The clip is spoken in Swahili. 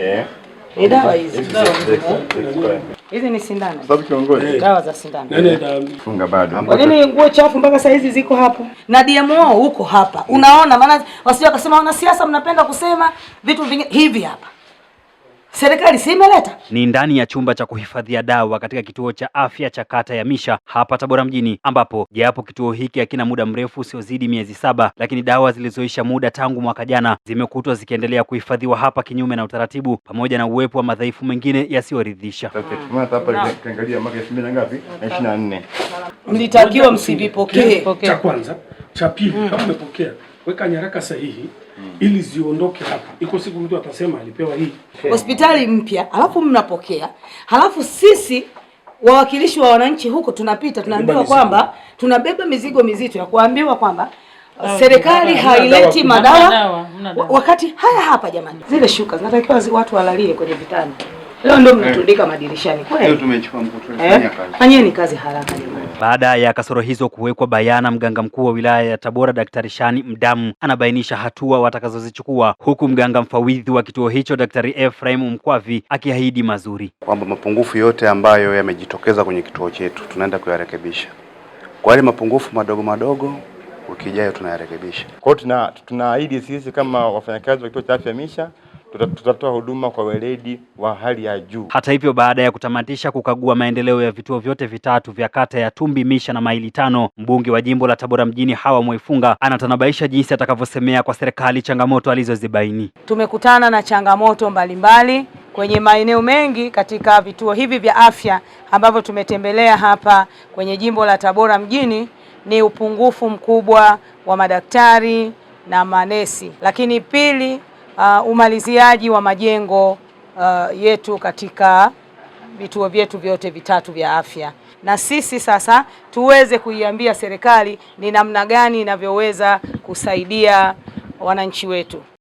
Eh. Ni dawa hizi. Hizi ni sindano. Sababu kiongozi. Dawa za sindano. Nani funga bado. Kwa nini nguo chafu mpaka saa hizi ziko hapo? Na DMO huko hapa. Unaona maana wasije wakasema wanasiasa mnapenda kusema vitu vingi hivi hapa. Serikali si imeleta? Ni ndani ya chumba cha kuhifadhia dawa katika kituo cha afya cha kata ya Misha hapa Tabora mjini, ambapo japo kituo hiki hakina muda mrefu usiozidi miezi saba, lakini dawa zilizoisha muda tangu mwaka jana zimekutwa zikiendelea kuhifadhiwa hapa kinyume na utaratibu, pamoja na uwepo wa madhaifu mengine yasiyoridhisha. Mlitakiwa msivipokee. Cha kwanza, cha pili, hmm. kama umepokea weka nyaraka sahihi Mm. ili ziondoke hapa. Iko siku mtu atasema alipewa hii hospitali mpya, alafu mnapokea, halafu sisi wawakilishi wa wananchi huko tunapita, tunaambiwa kwamba tunabeba mizigo mizito ya kuambiwa kwamba oh, uh, serikali haileti madawa, wakati haya hapa jamani, zile shuka zinatakiwa watu walalie kwenye vitanda. Leo ndio mnatundika madirishani kweli. Leo tumechukua mkutano, eh? fanyeni kazi haraka jamani. Baada ya kasoro hizo kuwekwa bayana, mganga mkuu wa wilaya ya Tabora Daktari Shani Mdamu anabainisha hatua watakazozichukua, huku mganga mfawidhi wa kituo hicho Daktari Ephraim Mkwavi akiahidi mazuri kwamba mapungufu yote ambayo yamejitokeza kwenye kituo chetu tunaenda kuyarekebisha. Kwa yale mapungufu madogo madogo, wiki ijayo tunayarekebisha. Kwa hiyo tunaahidi sisi kama wafanyakazi wa kituo cha afya Misha tutatoa huduma kwa weledi wa hali ya juu. Hata hivyo, baada ya kutamatisha kukagua maendeleo ya vituo vyote vitatu vya kata ya Tumbi, Misha na Maili Tano, mbunge wa jimbo la Tabora mjini Hawa Mwifunga anatanabaisha jinsi atakavyosemea kwa serikali changamoto alizozibaini. Tumekutana na changamoto mbalimbali mbali kwenye maeneo mengi katika vituo hivi vya afya ambavyo tumetembelea hapa kwenye jimbo la Tabora mjini ni upungufu mkubwa wa madaktari na manesi, lakini pili uh, umaliziaji wa majengo uh, yetu katika vituo vyetu vyote vitatu vya afya, na sisi sasa tuweze kuiambia serikali ni namna gani inavyoweza kusaidia wananchi wetu.